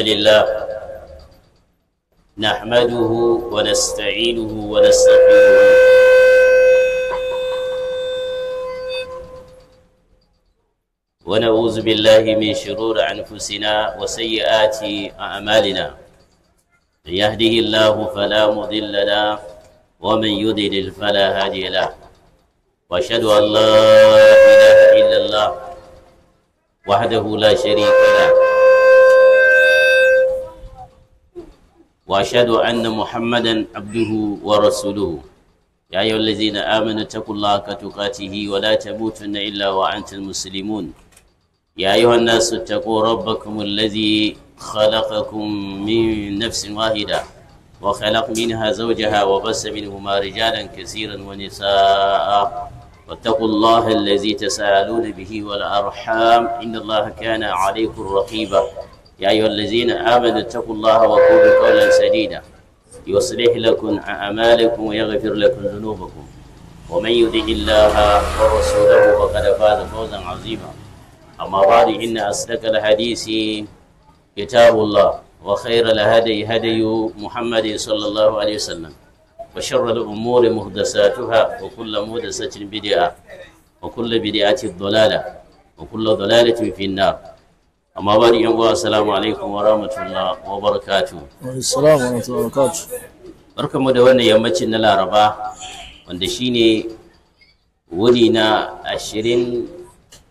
لله نحمده ونستعينه ونستغفره ونعوذ بالله من شرور انفسنا وسيئات اعمالنا من يهده الله فلا مضل له ومن يضلل فلا هادي له واشهد ان لا اله الا الله وحده لا شريك له وأشهد أن محمدا عبده ورسوله يا أيها الذين آمنوا اتقوا الله كتقاته ولا تموتن إلا وأنتم مسلمون يا أيها الناس اتقوا ربكم الذي خلقكم من نفس واحدة وخلق منها زوجها وبس منهما رجالا كثيرا ونساء واتقوا الله الذي تساءلون به والأرحام إن الله كان عليكم رقيبا يا أيها الذين آمنوا اتقوا الله وقولوا قولا سديدا يصلح لكم أعمالكم ويغفر لكم ذنوبكم ومن يطع الله ورسوله فقد فاز فوزا عظيما أما بعد إن أصدق الحديث كتاب الله وخير الهدي هدي محمد صلى الله عليه وسلم وشر الأمور محدثاتها وكل محدثة بدعة وكل بدعة ضلالة وكل ضلالة في النار amma ba ni yan uwa assalamu alaikum wa rahmatullah wa barakatu barkamu da wannan yammacin na laraba wanda shine wuri na ashirin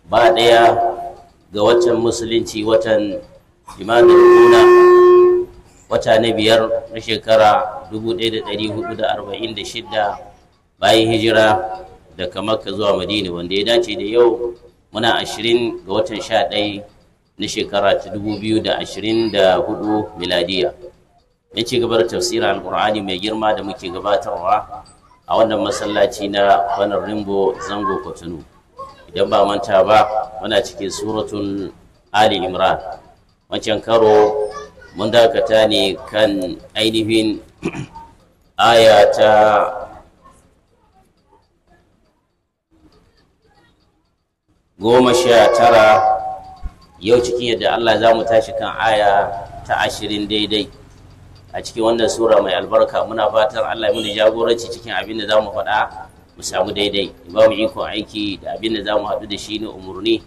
ba ɗaya ga watan musulunci watan imanin kuna wata na biyar na shekara 1446 bayan hijira daga makka zuwa madina wanda ya dace da yau muna ashirin ga watan sha ɗaya na shekara ta da hudu miladiya ya ci gaba da tafsirin alkur'ani mai girma da muke gabatarwa a wannan masallaci na kwanar rimbo zango kotunu idan ba manta ba muna cikin suratun ali imran wancan karo mun dakata ne kan ainihin aya ta goma sha tara yau cikin yadda Allah za mu tashi kan aya ta ashirin daidai a cikin wannan sura mai albarka muna fatan Allah mu jagoranci cikin abin da za mu faɗa mu samu daidai ba mu iko aiki da abin da za mu haɗu da shi na umarni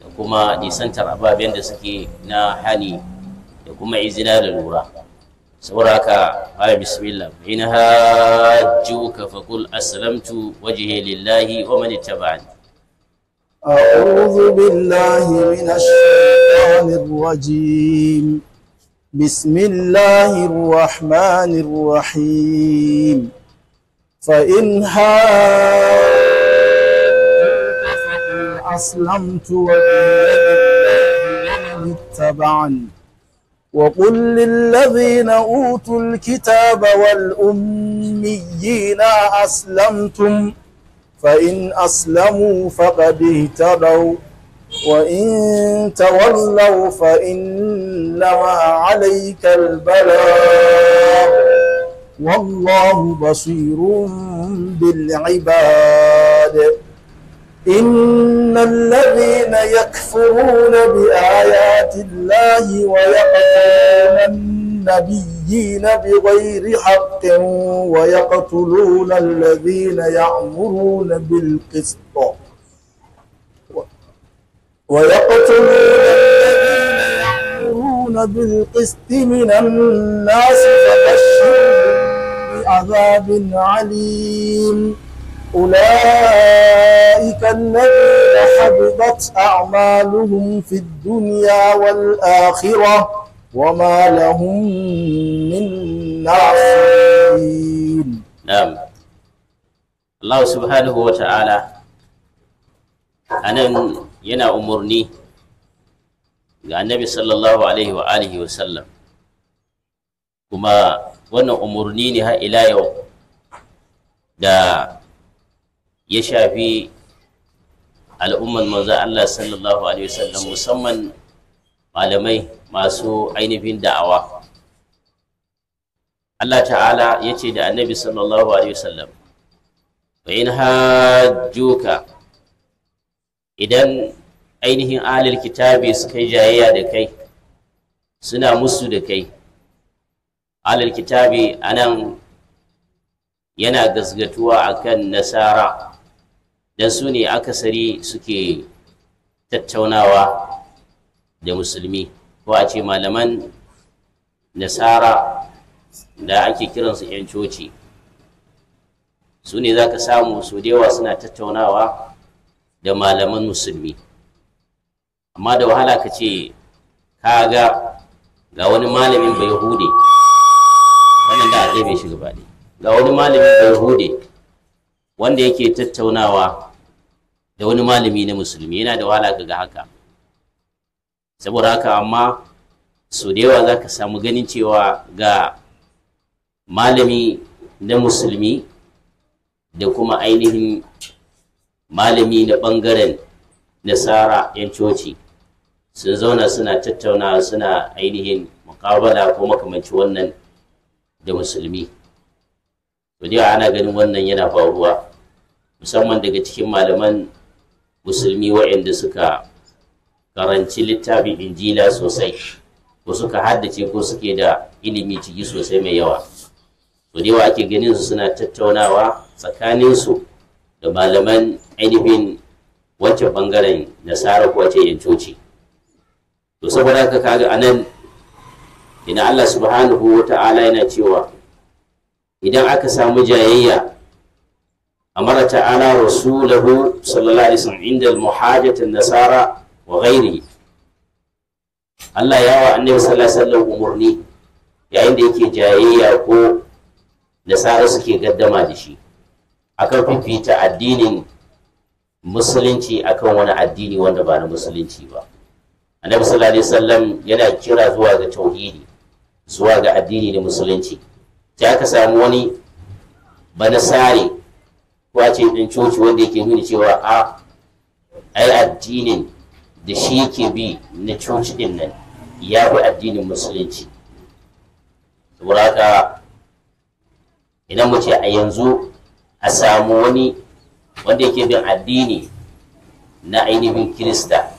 da kuma nisantar ababen da suke na hali da kuma izina da lura sauraka ala bismillah in hajjuka faqul aslamtu wajhi lillahi wa man ittaba'ani أعوذ بالله من الشيطان الرجيم بسم الله الرحمن الرحيم فإن أسلمت ومن اتبعني وقل للذين أوتوا الكتاب والأميين أسلمتم فإن أسلموا فقد اهتدوا وإن تولوا فإنما عليك البلاغ والله بصير بالعباد إن الذين يكفرون بآيات الله ويقتلون النبي النبيين بغير حق ويقتلون الذين يأمرون بالقسط ويقتلون الذين يأمرون بالقسط من الناس فبشرهم بعذاب عليم أولئك الذين حبطت أعمالهم في الدنيا والآخرة وما لهم من ناصرين نعم الله سبحانه وتعالى anan yana umarni ga annabi sallallahu alaihi wa alihi wa sallam kuma wannan umarni ne har ila yau da ya shafi al'umman manzo Allah sallallahu alaihi musamman malamai masu ainihin da'awa Allah ta'ala ya ce da annabi sallallahu alaihi wasallam wa hajjuka idan ainihin alil kitabi suka yi jayayya da kai suna musu da kai alil kitabi anan yana gasgatuwa akan nasara don su ne akasari suke tattaunawa da musulmi ko a ce malaman nasara da ake kiransu 'yan coci su ne za ka samu su da yawa suna tattaunawa da malaman musulmi amma da wahala ka ce ka ga ga wani malamin bai hude wannan da a ɗaya shi gaba ga wani malamin bai hude wanda yake tattaunawa da wani malami na musulmi yana da wahala ga haka saboda haka amma su da yawa za ka samu ganin cewa ga malami na musulmi da kuma ainihin malami na ɓangaren nasara 'yan coci sun zauna suna tattauna suna ainihin mukabala ko makamanci wannan da musulmi to ana ganin wannan yana faruwa musamman daga cikin malaman musulmi waɗanda suka karanci littafin injila sosai ko suka haddace ko suke da ilimi ciki sosai mai yawa to da ake ganin su suna tattaunawa tsakanin su da malaman ainihin wancan bangaren nasara ko wacce yancoci to saboda haka kaga anan ina Allah subhanahu wa ta'ala yana cewa idan aka samu jayayya amara ta'ala rasulahu sallallahu alaihi wasallam inda al nasara wa ghairi Allah ya wa annabi sallallahu alaihi wasallam umurni yayin da yake jayayya ko nasara suke gaddama da shi akan fifita addinin musulunci akan wani addini wanda ba na musulunci ba annabi sallallahu alaihi wasallam yana kira zuwa ga tauhidi zuwa ga addini na musulunci ta ka samu wani banasare ko a ce din coci wanda yake nuna cewa a ai addinin da shi yake bi na coci din nan ya bi addinin musulunci saboda haka idan mace a yanzu a samu wani wanda yake bin addini na ainihin kirista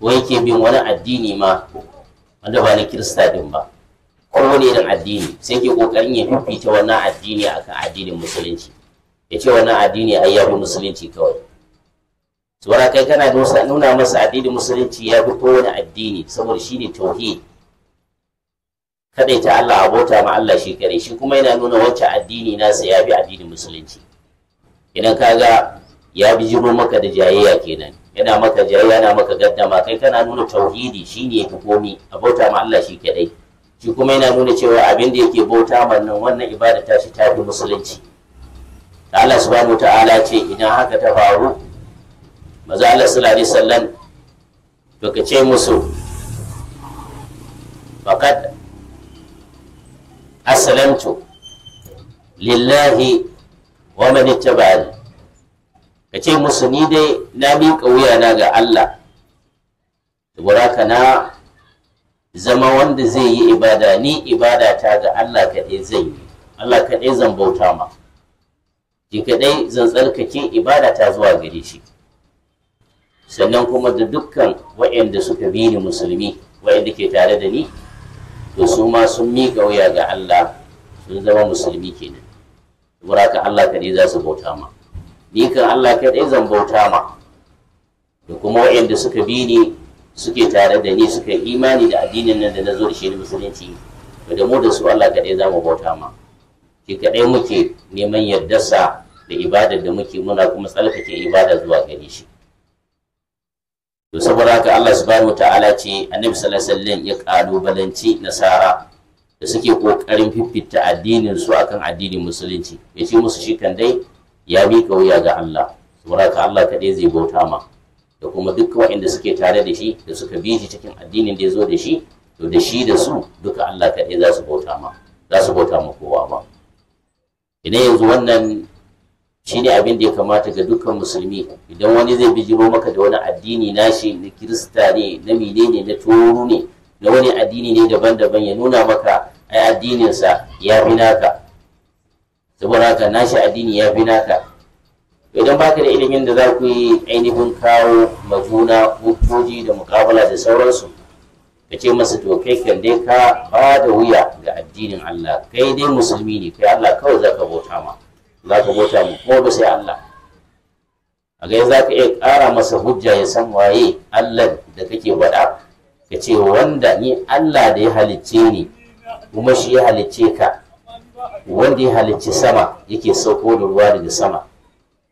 ko yake bin wani addini ma wanda ba na kirista din ba kowane irin addini sai ke kokarin ya fifita wannan addini akan addinin musulunci ya ce wannan addini a yi musulunci kawai tsora kai kana nuna masa addinin musulunci ya fi kowane addini saboda shi ne Kaɗai ta Allah abota ma Allah shi kare shi kuma yana nuna wacce addini nasa ya bi addinin musulunci idan kaga ya bi jiro maka da jayayya kenan yana maka jayayya yana maka gaddama kai kana nuna tauhidi shi ne ka komi abota ma Allah shi kadai shi kuma yana nuna cewa abin da yake bauta ma wannan ibada ta shi ta fi musulunci Allah subhanahu ta'ala ce idan haka ta faru maza Allah sallallahu alaihi wasallam to ka ce musu faqad aslamtu lillahi wa man ittaba'ani ka ce musu ni dai na miƙa wuyana ga Allah tabaraka na zama wanda zai yi ibada ni ibada ta ga Allah kaɗai yi Allah kaɗai zan bauta ma ki kaɗai zan tsarkake ibada ta zuwa gare shi sannan kuma da dukkan waɗanda suka bi ni musulmi waɗanda ke tare da ni to su ma sun miƙa wuya ga Allah sun zama musulmi kenan saboda ka Allah kaɗai za su bauta ma ni kan Allah kaɗai zan bauta ma da kuma waɗanda suka bi ni suke tare da ni suka imani da addinin nan da na zo da shi na musulunci da mu da su Allah kaɗai za mu bauta ma shi kaɗai muke neman yardarsa da ibadar da muke muna kuma tsarkake ibada zuwa gare shi to saboda haka Allah subhanahu wataala ce annabi sallallahu alaihi wasallam ya kalubalanci nasara da suke kokarin fifita addinin su akan addinin musulunci ya ce musu shi kan dai ya miƙa wuya ga Allah saboda haka Allah kaɗai zai bauta ma da kuma duk waɗanda suke tare da shi da suka bi shi cikin addinin da ya zo da shi to da shi da su duka Allah kaɗai za su bauta ma za su bauta ma kowa ba idan yanzu wannan shine abin da ya kamata ga dukkan musulmi idan wani zai bi bijiro maka da wani addini nashi na kirista ne na mine ne na toro ne na wani addini ne daban-daban ya nuna maka ai addininsa ya fi naka saboda haka nashi addini ya fi naka idan baka da ilimin da za ku yi ainihin kawo majuna hujjoji da mukabala da sauransu ka ce masa to kai kan dai ka ba da wuya ga addinin Allah kai dai musulmi ne kai Allah kawai zaka bauta ma za ka bauta mu ba sai Allah a ga za ka iya ƙara masa hujja ya san waye Allah da kake faɗa ka ce wanda ni Allah da ya halicce ni kuma shi ya halicce ka wanda ya halicci sama yake sauko da ruwa daga sama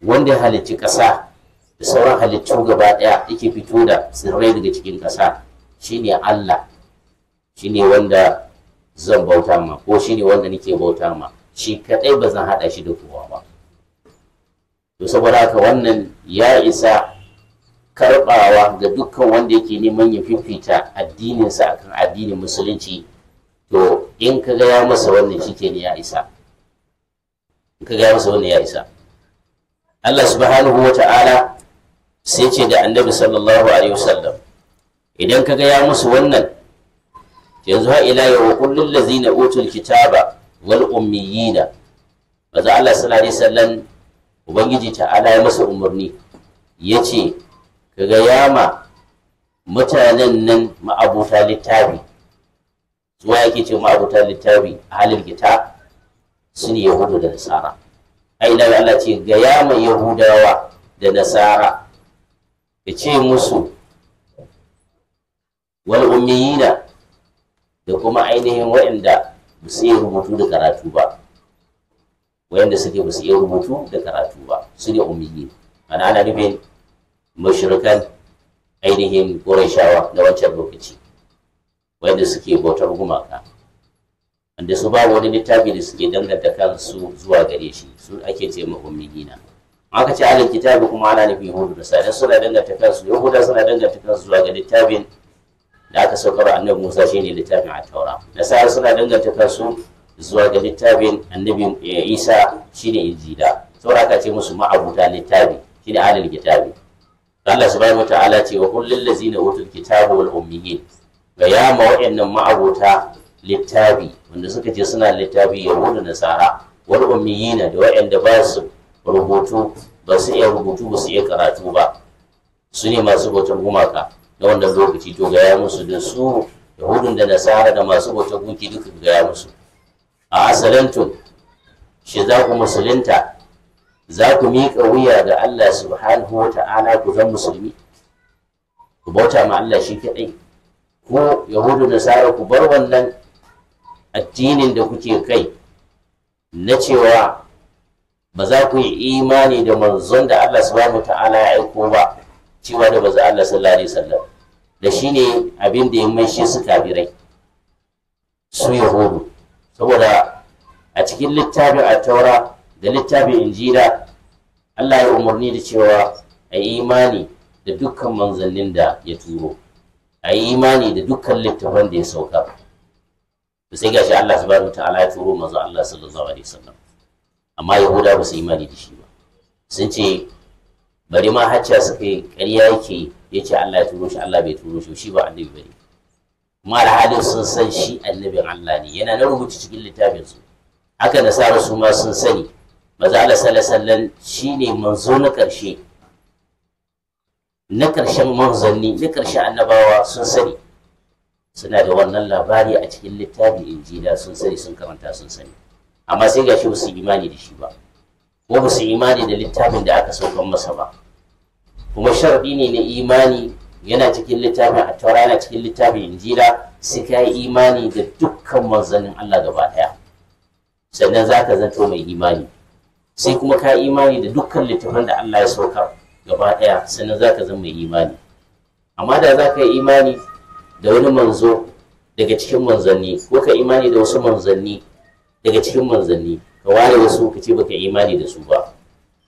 wanda ya halicci ƙasa da sauran halittu gaba ɗaya yake fito da tsirrai daga cikin ƙasa shine Allah shine wanda zan bauta ma ko shine wanda nake bauta ma shi kaɗai ba zan haɗa shi da kowa ba to saboda haka wannan ya isa karɓawa ga dukkan wanda yake neman ya fifita addininsa akan addinin musulunci to in ka masa wannan shi ne ya isa in ka masa wannan ya isa Allah subhanahu wa ta'ala sai ce da annabi sallallahu alaihi wasallam idan ka gaya musu wannan yanzu ha ila yau kullun ladzina utul kitaba wal ummiyina maza Allah sallallahu alaihi wasallam ubangiji ta'ala ya masa umarni yace ka gaya yama mutanen nan ma'abuta littafi zuwa yake ce ma'abuta littafi halin gita su ne yahudu da nasara ina na Allah ce ga yama yahudawa da nasara ka ce musu wal ummiyina da kuma ainihin waɗanda ba su iya rubutu da karatu ba wayanda suke ba su rubutu da karatu ba su ne umiyi ana ana nufin mashirkan ainihin ƙorashawa na wancan lokaci wayanda suke bautar gumaka wanda su ba wani littafi da suke danganta kansu zuwa gare shi su ake ce ma ummiyina aka ce alin kitabi kuma ana nufin hudu. da sa'adar suna danganta kansu yahuda suna danganta kansu zuwa ga littafin da aka saukar annabi Musa shine littafin at-taura nasara suna danganta kansu zuwa ga littafin annabi eh, Isa ne injila saboda aka ce musu ma'abuta littafi shine alal kitabi Allah subhanahu wataala ce wa kullul lazina utul kitabu wal ummiyin ga yama wa'annan ma'abuta littafi wanda suka ce suna littafi yahudu nasara wal ummiyina da wa'anda ba su rubutu ba su iya rubutu ba su iya karatu ba su ne masu bautan gumaka na wannan lokaci to gaya musu da su yahudun da nasara da masu bauta gunki duka gaya musu a asalantun shi za ku musulunta za ku miƙa wuya ga Allah subhanahu wa ta'ala ku zan musulmi ku bauta ma Allah shi kaɗai ko yahudu nasara ku bar wannan addinin da kuke kai na cewa ba za ku yi imani da manzon da Allah subhanahu wa ta'ala ya aiko ba cewa da manzo Allah sallallahu alaihi wasallam da shine abin da ya maishe su kafirai su yahudu saboda a cikin littafin at-taura da littafin injila Allah ya umarni da cewa a imani da dukkan manzannin da ya turo a yi imani da dukkan littafan da ya sauka Ba sai gashi Allah subhanahu ta'ala ya turo manzo Allah sallallahu alaihi wasallam amma yahuda ba su imani da shi ba sun ce bari ma hajja su kai ƙarya yake ya ce Allah ya turo shi Allah bai turo shi shi ba annabi bane kuma alhalin sun san shi annabin Allah ne yana na rubuta cikin littafin su haka da sara su ma sun sani maza Allah sallallahu alaihi shine manzo na ƙarshe na ƙarshen manzanni na ƙarshen annabawa sun sani suna da wannan labari a cikin littafin injila sun sani sun karanta sun sani amma sai gashi shi yi imani da shi ba kuma ba su imani da littafin da aka saukan masa ba kuma sharadi ne na imani yana cikin littafin a taura yana cikin littafin injila sai ka yi imani da dukkan manzannin Allah gaba ɗaya sannan za ka zanto mai imani sai kuma ka yi imani da dukkan littafin da Allah ya sauka gaba ɗaya sannan za ka zama mai imani amma da za ka yi imani da wani manzo daga cikin manzanni ko ka imani da wasu manzanni daga cikin manzanni ka ware wasu ka ce baka imani da su ba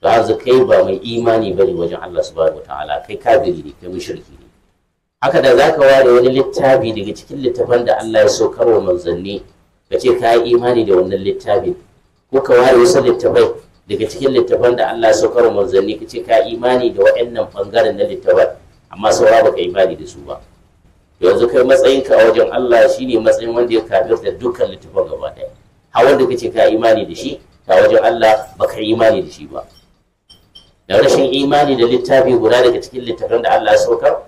to za kai ba mai imani ba ne wajen Allah subhanahu ta'ala kai kafiri ne kai mushriki ne haka da za ka ware wani littafi daga cikin littafan da Allah ya saukar wa manzanni ka ce ka yi imani da wannan littafin ko ka ware wasu littafai daga cikin littafan da Allah ya saukar wa manzanni ka ce ka yi imani da waɗannan bangaren na littafan amma saura baka imani da su ba yanzu kai matsayinka a wajen Allah shine matsayin wanda ya kafirta dukkan littafan gaba ɗaya a wanda kace ka imani da shi ta wajen Allah baka imani da shi ba da rashin imani da littafi guda daga cikin littafin da Allah ya sauka,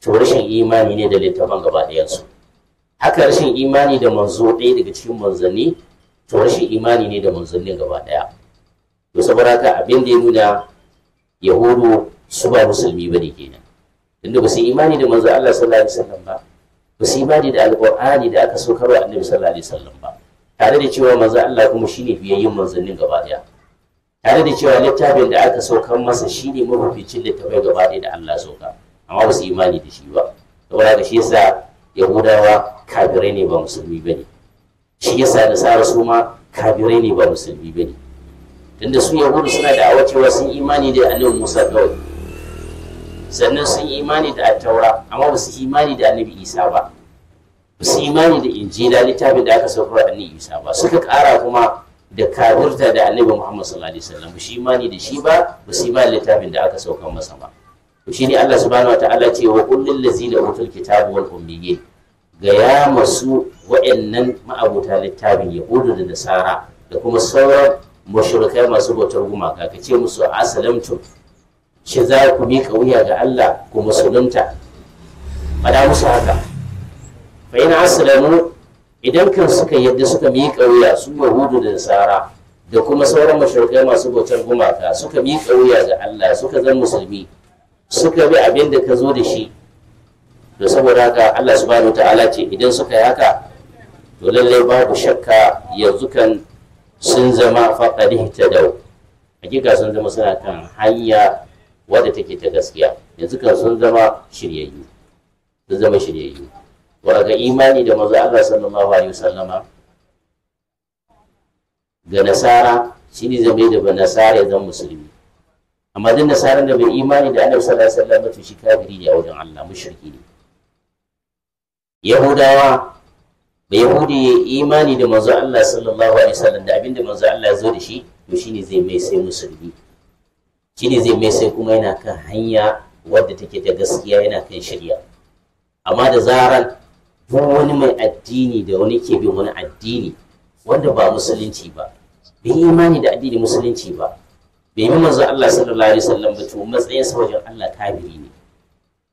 to rashin imani ne da littafin gaba yansu haka rashin imani da manzo ɗaya daga cikin manzanni to rashin imani ne da manzanni gaba daya to saboda haka abin da ya nuna yahudu su ba musulmi ba ne kenan tunda ba su imani da manzo Allah sallallahu alaihi wasallam ba ba su imani da alqur'ani da aka saukar wa annabi sallallahu alaihi wasallam ba tare da cewa manzon Allah kuma shine biyayyen manzannin gaba daya tare da cewa littafin da aka saukar masa shine mafificin littafai gaba daya da Allah sauka amma ba su imani da shi ba saboda ga shi yasa yahudawa kafirai ne ba musulmi bane shi yasa da sara su ma kafirai ne ba musulmi bane tunda su yahudu suna da awa cewa sun imani da annabi Musa kawai sannan sun imani da attaura amma ba su imani da annabi Isa ba su imani da injila littafin da aka saukar annabi isa ba suka kara kuma da kafirta da annabi muhammad sallallahu alaihi wasallam shi imani da shi ba ba su imani littafin da aka saukar masa ba to shine Allah subhanahu wataala ce wa kullin ladzina utul kitaba wal ummiyyin ga ya masu wa'annan ma'abuta littafin yahudu da nasara da kuma sauran mashirkai masu bautar gumaka ka ce musu asalamtum shi za ku miƙa wuya ga Allah ku musulunta faɗa musu haka Fa'ina yana idan kan suka yadda suka miƙa wuya su yahudu da nasara da kuma sauran mashirkai masu bautar gumaka suka miƙa wuya ga Allah suka zan musulmi suka bi abin da ka zo da shi to saboda haka Allah subhanahu ta'ala ce idan suka yi haka to lallai babu shakka yanzu kan sun zama faɗaɗi ta dau hakika sun zama suna kan hanya wadda take ta gaskiya yanzu kan sun zama shiryayyu sun zama shiryayyu wa imani da manzo Allah sallallahu alaihi wasallama ga nasara shine zama da ba nasara ya musulmi amma duk nasaran da bai imani da annabi sallallahu alaihi wasallam to shi kafiri ne a wajen Allah mushriki ne yahudawa bai yahudi ya imani da manzo Allah sallallahu alaihi wasallam da abinda manzo Allah ya zo da shi to shine zai mai sai musulmi shine zai mai sai kuma yana kan hanya wadda take ta gaskiya yana kan shirya amma da zaran Ko wani mai addini da wani ke bin wani addini wanda ba musulunci ba bai yi imani da addini musulunci ba bai yi manzo Allah sallallahu alaihi wasallam ba to matsayin wajen Allah kafiri ne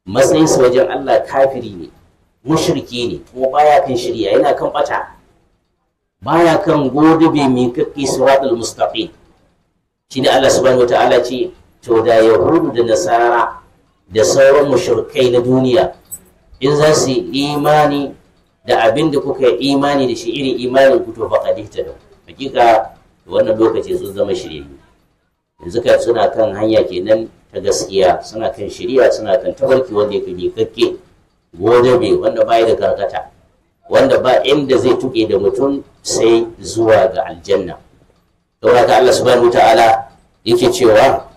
matsayin wajen Allah kafiri ne mushriki ne ko baya kan shirya yana kan bata baya kan gode bai mi kakki siratul mustaqim shine Allah subhanahu wataala ce to da yahudu da nasara da sauran mushrikai na duniya in za su yi imani da abin da kuka yi imani da shi irin imanin ku to baka dinta da hakika wannan lokaci sun zama shirye yanzu ka suna kan hanya kenan ta gaskiya suna kan shirya suna kan tabarki wanda yake miƙaƙƙe godabe wanda ba da karkata wanda ba inda zai tuke da mutum sai zuwa ga aljanna don haka Allah subhanahu ta'ala yake cewa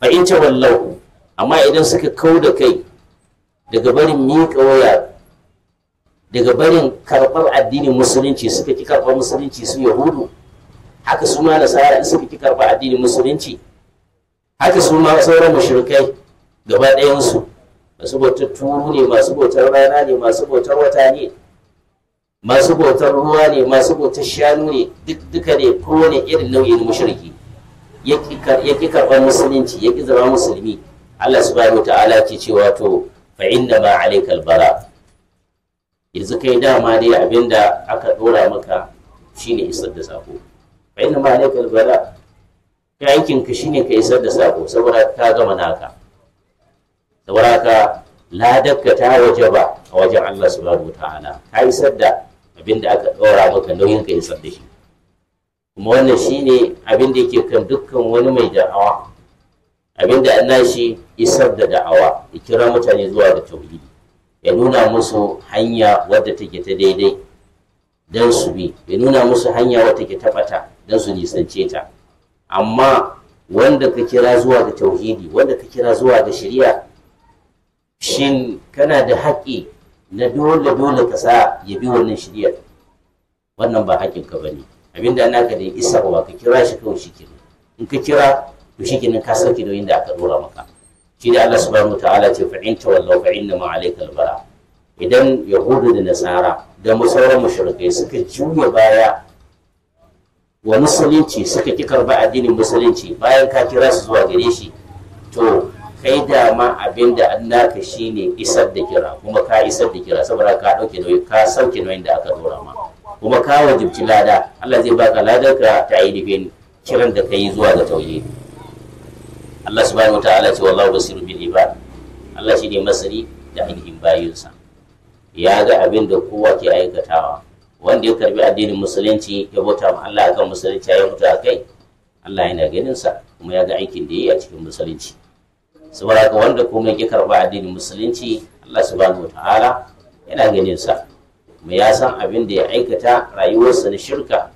fa in tawallau amma idan suka kau da kai daga barin miƙa waya daga barin karɓar addinin musulunci suka ki karɓar musulunci su yahudu haka su ma nasara in suka ki karɓar addinin musulunci haka su ma sauran mashirkai gaba ɗayansu masu bautar turu ne masu bautar rana ne masu bautar wata ne masu bautar ruwa ne masu bautar shanu ne duk duka ne kowane irin nau'in mashirki. ya ki karɓar musulunci ya ki zama musulmi Allah subhanahu ta'ala ke cewa to fa ma alayka albara yanzu kai dama dai abinda aka dora maka shine isar da sako fa ma alayka albara kai aikin ka shine ka isar da sako saboda ka gama naka saboda haka ka ta wajaba a wajen Allah subhanahu Ta'ala. ka isar da abinda aka dora maka nauyin ka isar da shi kuma wannan shine abin da yake kan dukkan wani mai da'awa abinda Allah shi isar da da'awa ya kira mutane zuwa ga tauhidi ya nuna musu hanya wadda take ta daidai don su bi ya nuna musu hanya wadda take ta bata don su nisance ta amma wanda ka kira zuwa ga tauhidi wanda ka kira zuwa ga shari'a shin kana da haƙƙi na dole dole ka sa ya bi wannan shari'a wannan ba haƙƙin ka bane abinda ka da isarwa ka kira shi kawai shi in ka kira to shikenan ka sauke nauyin da aka dora maka shi da Allah subhanahu Ta'ala ce fa in tawallaw fa inna ma alayka albara idan yahudu da nasara da musauran mushrikai suka juya baya wa musulunci suka ki karba addinin musulunci bayan ka kira su zuwa gare shi to kai dama abin da an naka shine isar da kira kuma ka isar da kira saboda ka dauke da ka sauke nauyin da aka dora ma kuma ka wajibci lada Allah zai baka ka ta ainihin kiran da ka yi zuwa ga tauhidi Allah subhanahu wataala ce wallahu basiru bil ibad Allah shine masani da ainihin bayinsa ya ga abin da kowa ke aikatawa wanda ya karbi addinin musulunci ya bauta ma Allah akan musulunci ya mutu a kai Allah yana ganin sa kuma ya ga aikin da yayi a cikin musulunci saboda haka wanda kuma ya karba addinin musulunci Allah subhanahu wataala yana ganin sa kuma ya san abin da ya aikata rayuwarsa na shirka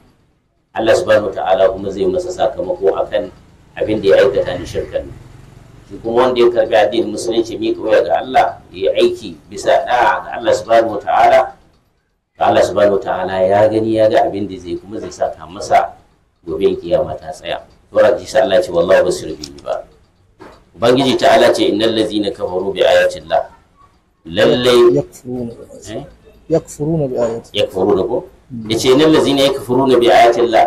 Allah subhanahu wataala kuma zai masa sakamako akan abin da ya aikata ni shirkan shi kuma wanda ya karbi addinin musulunci miƙa wuya ga Allah ya aiki bisa ɗa'a ga Allah subhanahu wata'ala Allah subhanahu wata'ala ya gani ya ga abin da zai kuma zai saka masa gobe kiyama ta tsaya saboda shi Allah ce wallahi basir bi ba ubangiji ta'ala ce innal ladzina kafaru bi ayati Allah lalle yakfuruna bi ayati yakfuruna ko yace innal ladzina yakfuruna bi ayati Allah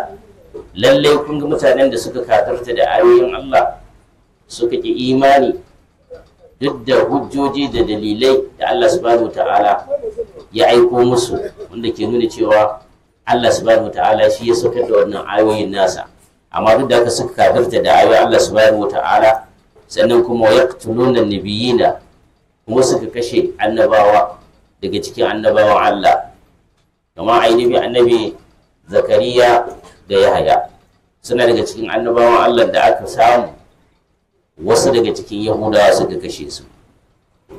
lalle kun ga mutanen da suka katarta da ayoyin Allah suka ki imani duk da hujjoji da dalilai da Allah subhanahu ta'ala ya aiko musu wanda ke nuna cewa Allah subhanahu ta'ala shi ya saukar da wannan ayoyin nasa amma duk da haka suka katarta da ayoyin Allah subhanahu ta'ala sannan kuma yaqtuluna nabiyina kuma suka kashe annabawa daga cikin annabawan Allah kamar ainihin annabi zakariya da yahaya suna daga cikin annabawan allah da aka samu wasu daga cikin yahudawa suka kashe su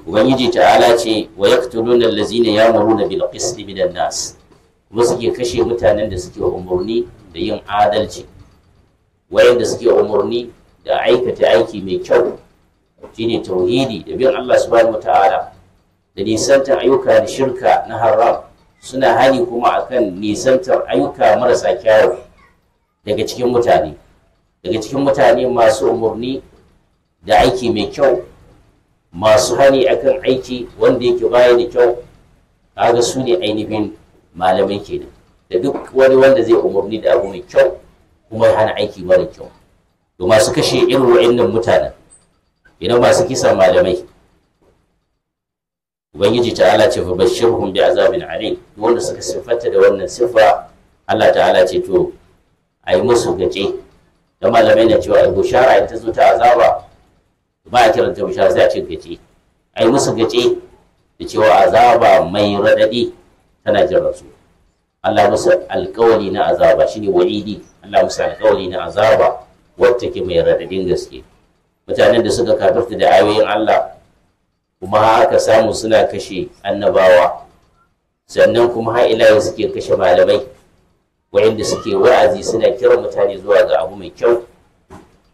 ubangiji ta'ala ce wa yaqtuluna allazina ya'muruna bil qist minan nas kuma suke kashe mutanen da suke umarni da yin adalci wayanda suke umarni da aikata aiki mai kyau shine tauhidi da bin Allah subhanahu wataala da nisantar ayyuka da shirka na haram suna hani kuma akan nisantar ayyuka marasa kyawu daga cikin mutane daga cikin mutane masu umarni da aiki mai kyau masu hani akan aiki wanda yake baya da kyau kaga su ne ainihin malamai kenan da duk wani wanda zai umarni da abu mai kyau kuma hana aiki mara kyau to masu kashe irin wa'annan mutanen idan masu kisan malamai ubangiji ta'ala ce fa bashirhum bi azabin alim wanda suka siffata da wannan siffa Allah ta'ala ce to a yi musu gaje da malamai na cewa bushara ta zo ta azaba ba a kiranta bushara sai a ce gaje a yi musu gaje da cewa azaba mai raɗaɗi tana jiran su Allah musu alkawari na azaba shine wa'idi Allah musu alkawari na azaba wacce ke mai raɗaɗin gaske mutanen da suka kafirta da ayoyin Allah kuma haka samu suna kashe annabawa sannan kuma har ila suke kashe malamai wayanda suke wa'azi suna kiran mutane zuwa ga abu mai kyau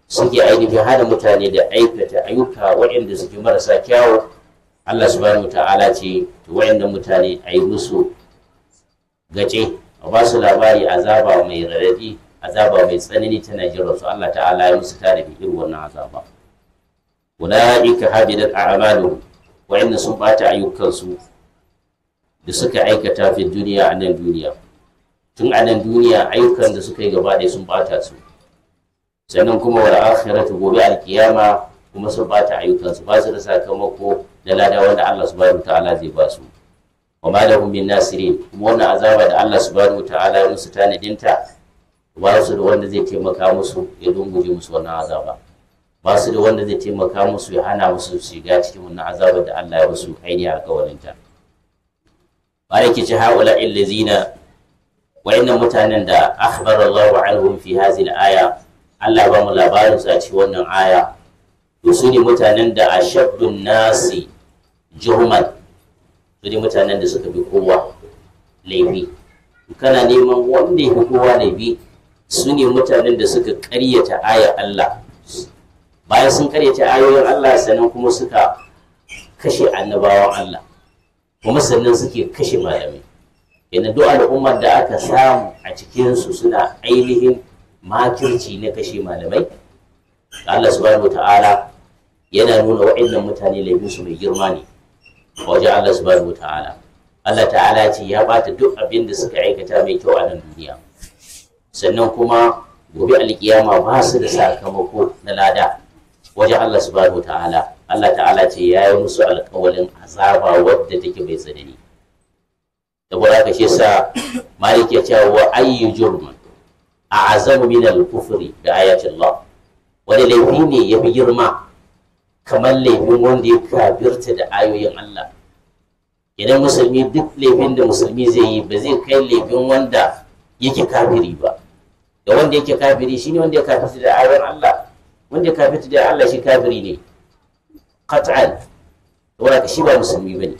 suke ainihin hana mutane da aikata ayyuka wayanda suke marasa kyawu Allah subhanahu ta'ala ce to mutane a yi musu gace a ba su labari azaba mai raɗaɗi azaba mai tsanani tana jiran su Allah ta'ala ya musu da irin wannan azaba ulaika habidat al'adu wa'inda sun bata ayyukansu da suka aikata fi duniya a nan duniya tun a nan duniya ayyukan da suka yi gaba ɗaya sun bata su sannan kuma wal akhiratu gobe alkiyama kuma sun bata ayyukan su ba su da sakamako da lada wanda Allah subhanahu ta'ala zai ba su wa ma lahum min nasirin kuma wannan azaba da Allah subhanahu ta'ala ya musu tanadinta ba su da wanda zai taimaka musu ya dunguje musu wannan azaba ba su da wanda zai taimaka musu ya hana musu shiga cikin wannan azabar da Allah ya musu ainihin alkawarinta. Malaki ci haula illazina wayannan mutanen da akhbar Allahu anhum fi hadhihi al-aya Allah ba mu labarin sa ci wannan aya to su ne mutanen da ashaddun nasi juhman su ne mutanen da suka bi kowa laifi kana neman wanda ya kowa laifi su ne mutanen da suka karyata ayar Allah bayan sun karyata ayoyin Allah sannan kuma suka kashe annabawan Allah kuma sannan suke kashe malamai yana duk al'ummar da aka samu a cikinsu suna ainihin makirci na kashe malamai Allah subhanahu ta'ala yana nuna wa'annan mutane laifinsu mai girma ne wajen Allah subhanahu ta'ala Allah ta'ala ce ya bata duk abin da suka aikata mai kyau a nan duniya sannan kuma gobe alkiyama ba su da sakamako na lada wajen Allah subhanahu ta'ala Allah ta'ala ce ya yi musu alkawalin azaba wadda take mai tsanani da kuma ka shi sa malik ya cewa wa ayyu a a'zamu min al-kufri bi ayati Allah wani laifi ne ya fi girma kamar laifin wanda ya kafirta da ayoyin Allah idan musulmi duk laifin da musulmi zai yi ba zai kai laifin wanda yake kafiri ba da wanda yake kafiri shine wanda ya kafirta da ayoyin Allah wanda ya kafirta da Allah shi kafiri ne qat'an wanda shi ba musulmi bane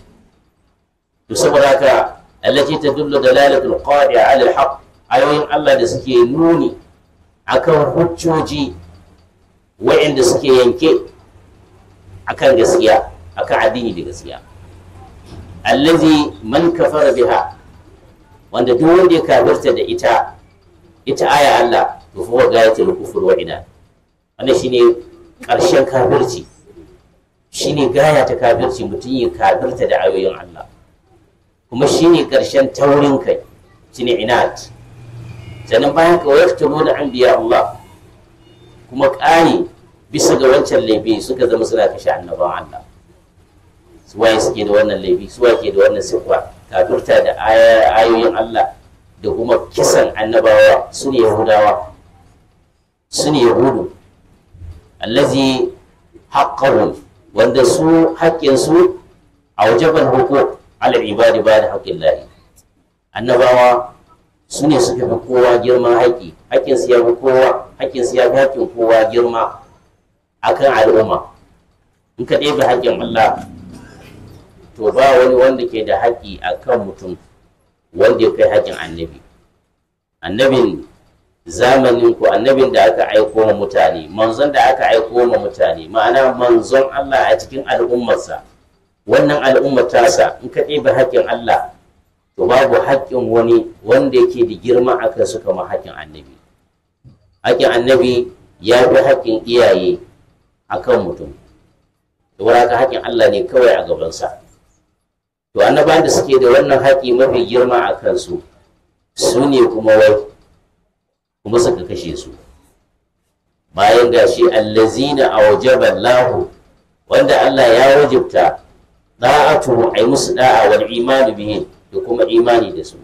to saboda haka allati tadullu dalalatul qadi ala alhaq ayoyin Allah da suke nuni akan hujjoji wa'inda suke yanke akan gaskiya akan addini da gaskiya allazi man kafara biha wanda duk wanda ya kafirta da ita ita aya Allah to fa gayatul kufur wa ina wannan shine karshen kafirci shine gaya ta kafirci mutum ya kafirta da ayoyin Allah kuma shi ne karshen taurin kai shine inat sannan bayan ka an biya Allah kuma ƙari bisa ga wancan laifi suka zama suna kashe annabawan Allah suwaye suke da wannan laifi suwaye ke da wannan siffa kafirta da ayoyin Allah da kuma kisan annabawa su ne yahudawa su ne yahudu allazi haqqahum wanda su haƙƙinsu a wajaban hukuk alal ibadi ba da haƙƙin lahi annabawa su ne suka fi kowa girma haƙƙi haƙƙin su ya fi kowa haƙƙin su ya fi haƙƙin kowa girma akan al'umma in ka ɗebe haƙƙin Allah to ba wani wanda ke da haƙƙi akan mutum wanda ya kai haƙƙin annabi annabin zamanin ku annabin da aka aiko ma mutane manzon da aka aiko ma mutane ma'ana manzon Allah a cikin al'ummarsa wannan al'ummar tasa in ka ɗebe haƙƙin Allah to babu haƙƙin wani wanda yake da girma a kansu kamar haƙƙin annabi haƙƙin annabi ya fi haƙƙin iyaye a kan mutum da haka haƙƙin Allah ne kawai a gabansa to annabawan da suke da wannan haƙƙi mafi girma a kansu su ne kuma wai kuma suka kashe su bayan gashi allazina awjaba lahu wanda Allah ya wajibta da'atu ai musu da'a wal imani bihi da kuma imani da su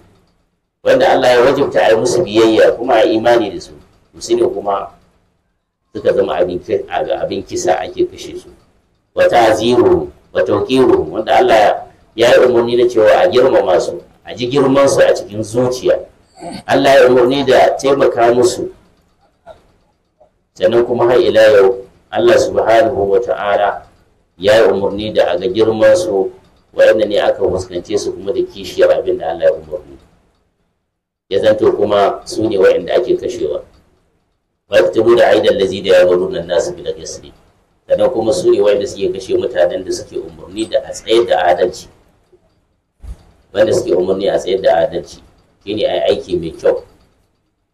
wanda Allah ya wajibta ai musu biyayya kuma ai imani da su su ne kuma suka zama abin kisa ake kashe su wa ta'ziru wa tawqiru wanda Allah ya yi umarni da cewa a girmama su a ji girman su a cikin zuciya Allah ya umarni da taimaka musu sannan kuma har ila yau Allah subhanahu wa ta'ala ya yi umarni da a ga girman su waɗanda ne aka fuskance su kuma da kishiyar abin da Allah ya umarni ya zanto kuma su ne waɗanda ake kashewa ba ta tabo da aidan lazi da ya waru nan nasu bi da gasri sannan kuma su ne waɗanda suke kashe mutanen da suke umarni da a tsayar da adalci wanda suke umarni a tsayar da adalci shine ai aiki mai kyau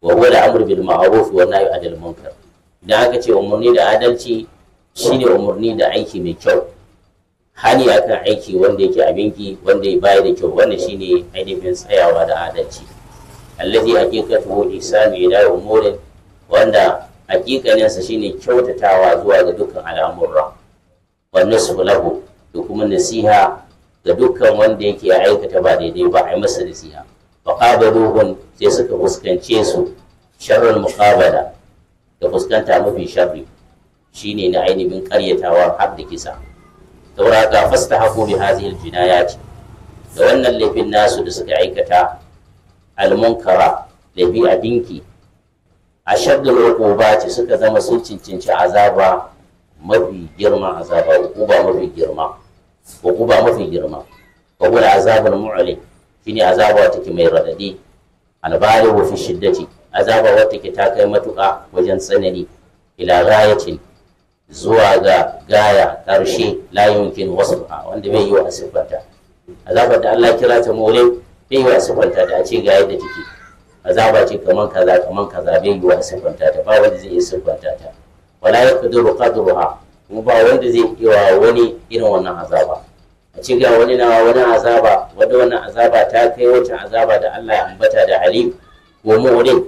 wa huwa al-amru bil ma'ruf wa nahyi anil munkar idan aka ce umarni da adalci shine umarni da aiki mai kyau hani akan aiki wanda yake abinki wanda ya bayar da kyau wannan shine ainihin tsayawa da adalci allazi haqiqatuhu ihsanu ila umuri wanda haƙiƙaninsa shine kyautatawa zuwa ga dukkan al'amura wa nasbu lahu da kuma nasiha ga dukkan wanda yake aikata ba daidai ba a masa nasiha fa sai suka fuskance su sharrul muqabala da fuskanta mafi sharri shine na ainihin karyatawa har da kisa saura fasta haƙo bi ya ce. da wannan laifin nasu da suka aikata almunkara laifi a dinki a shaddar uquba ce suka zama sun cincinci azaba mafi girma azaba uquba mafi girma uquba mafi girma wa azabar azabul mu'lim azaba mai radadi albalighu fi shiddati azaba wata ke ta kai matuƙa wajen tsanani ila ghayatin zuwa ga gaya ƙarshe la wasu, wasfa wanda bai yi wa asifanta azabar da Allah kira ta more bai yi wa asifanta ta ce ga yadda take azaba ce kaman kaza kaman kaza bai yi wa asifanta ta ba wanda zai yi sifanta ta wala yaqdiru qadruha kuma ba wanda zai wa wani irin wannan azaba a ce ga wani na wani azaba wadda wannan azaba ta kai wata azaba da Allah ya ambata da Halim ko mu'min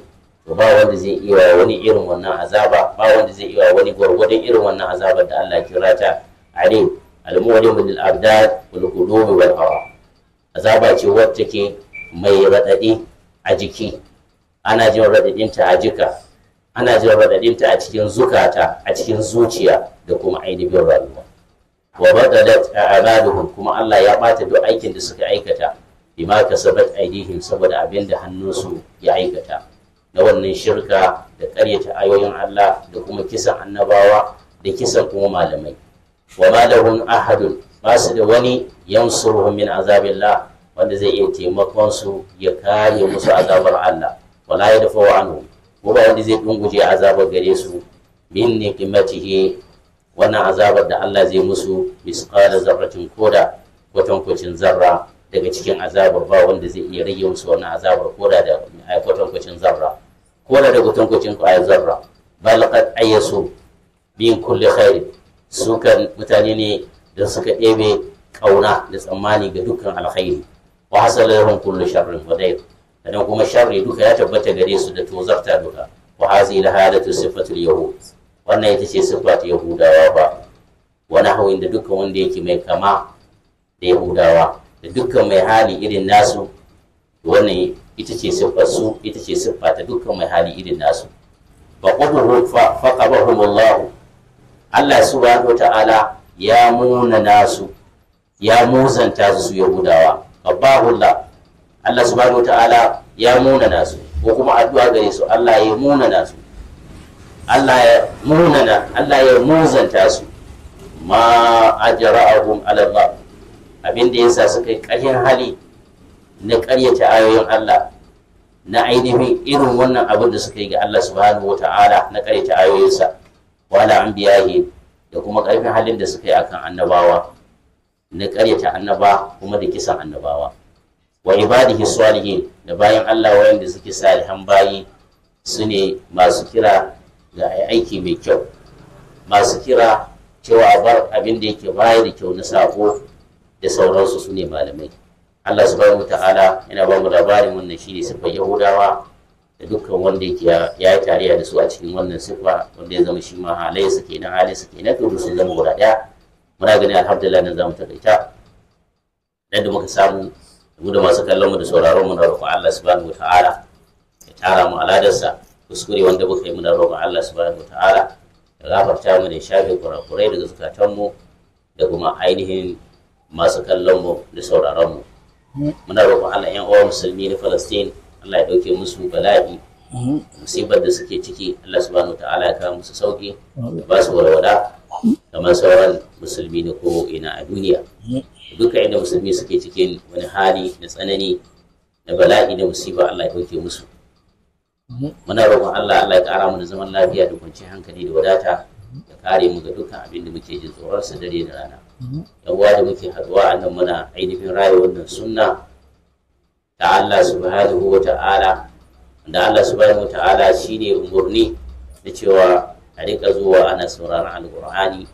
to ba wanda zai iya wani irin wannan azaba ba wanda zai iya wani gwargwadon irin wannan azabar da Allah kira ta ali al-mu'limu lil abdad wal qulub wal hawa azaba ce wacce ke mai radadi a jiki ana jin radadin ta a jika ana jin radadin ta a cikin zukata a cikin zuciya da kuma ainihin rayuwa wa badalat a'maluhum kuma Allah ya bata duk aikin da suka aikata bima kasabat aidihim saboda abin da hannunsu ya aikata na wannan shirka da ƙaryata ayoyin Allah da kuma kisan annabawa da kisan kuma malamai wa ma ahadun ba su da wani yansuruhum min azabillah wanda zai iya taimakon su ya kare musu azabar Allah wala ya dafa anhu ko ba wanda zai dunguje azabar gare su min niqmatihi wannan azabar da Allah zai musu misqala zarratin koda kwatankwacin zarra daga cikin azabar ba wanda zai iya rage musu wannan azabar ko da da kwatankwacin zarra ko da da kwatankwacin kwayar zarra balqad ayyasu bin kulli khair sukan mutane ne da suka ɗebe kauna da tsammani ga dukkan alkhairi wa hasala lahum kullu sharrin wa dayr dan kuma sharri duka ya tabbata gare su da tozarta duka wa hazi la halatu sifatul yahud wannan ita ce sifat yahudawa ba wa nahwin da dukkan wanda yake mai kama da yahudawa da dukkan mai hali irin nasu wannan ita ce siffar su ita ce siffa ta dukkan mai hali irin nasu fa quduhu fa qabahum Allah Allah subhanahu ta'ala ya muna nasu ya muzanta su yahudawa qabahu Allah Allah subhanahu ta'ala ya muna nasu ko kuma addu'a gare su Allah ya muna nasu Allah ya munana Allah ya muzanta su ma ajra'ahum ala Allah abin da yasa suka yi ƙaryar hali na ƙaryata ayoyin Allah na ainihin irin wannan abin da suka yi ga Allah subhanahu wa ta'ala na ƙaryata ayoyinsa wala an biyahi da kuma ƙarfin halin da suka yi akan annabawa na ƙaryata annaba kuma da kisan annabawa wa ibadihi salihin da bayan Allah wayanda suke salihan bayi sune ne masu kira ga aiki mai kyau masu kira cewa abin da yake baya da kyau na sako da sauransu su ne malamai Allah subhanahu ta'ala yana ba mu labarin wannan shi ne siffar yahudawa da dukkan wanda ya yi tarayya da su a cikin wannan siffa wanda ya zama shi ma halaye su na halaye su na to su zama guda daya muna ganin alhamdulillah nan zamu takaita da muka samu mu da masu kallon mu da sauraron mu na roƙon Allah subhanahu ta'ala ya tara mu aladarsa kuskure wanda muka yi muna roƙon Allah subhanahu ta'ala ya gafarta mu da shafe kurakurai daga zukatanmu da kuma ainihin masu kallon mu da sauraron mu muna roƙon Allah yan uwa musulmi na Falastin. Allah ya dauke musu bala'i musibar da suke ciki Allah subhanahu ta'ala ya kawo musu sauki ba su walwala kamar sauran musulmi na ko ina a duniya duka inda musulmi suke cikin wani hali na tsanani na bala'i da musiba Allah ya dauke musu muna roƙon Allah Allah ya ƙara mu da zaman lafiya da kwanciyar hankali da wadata ya kare mu ga dukkan abin da muke jin tsoron sa dare da rana yawa da muke haduwa a nan muna ainihin raya wannan sunna ta Allah subhanahu wa ta'ala da Allah subhanahu wa ta'ala shine umurni da cewa a rika zuwa ana sauraron alqur'ani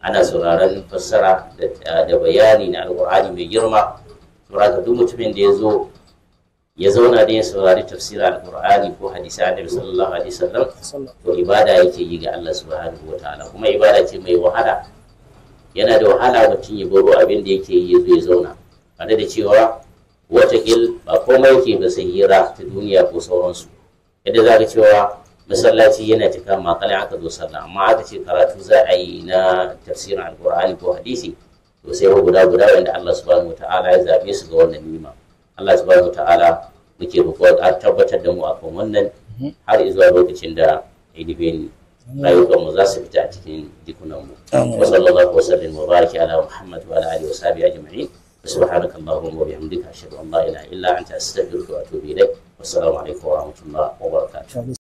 ana sauraron fassara da bayani na alqur'ani mai girma saboda duk mutumin da ya zo ya zauna da ya saurari tafsira alqur'ani ko hadisi annabi sallallahu alaihi wasallam to ibada yake yi ga Allah subhanahu wa ta'ala kuma ibada ce mai wahala yana da wahala mutum ya baro abin da yake yi ya zauna tare da cewa watakil ba komai yake ba sai hira ta duniya ko sauransu yadda za ka cewa masallaci yana cika makala aka zo sallah amma aka ce karatu za a yi na tafsirin alkur'ani ko hadisi to sai wa guda guda wanda Allah subhanahu wataala ya zabe su ga wannan nima Allah subhanahu wataala muke roƙo a tabbatar da mu akan wannan har zuwa lokacin da ainihin rayukan mu za su fita a cikin dukkanin mu wa sallallahu wa sallim wa baraka ala muhammad wa ala alihi wa sahbihi ajma'in subhanakallahu wa bihamdika ashhadu an la ilaha illa anta astaghfiruka wa atubu ilaik wa assalamu alaikum wa rahmatullahi wa barakatuh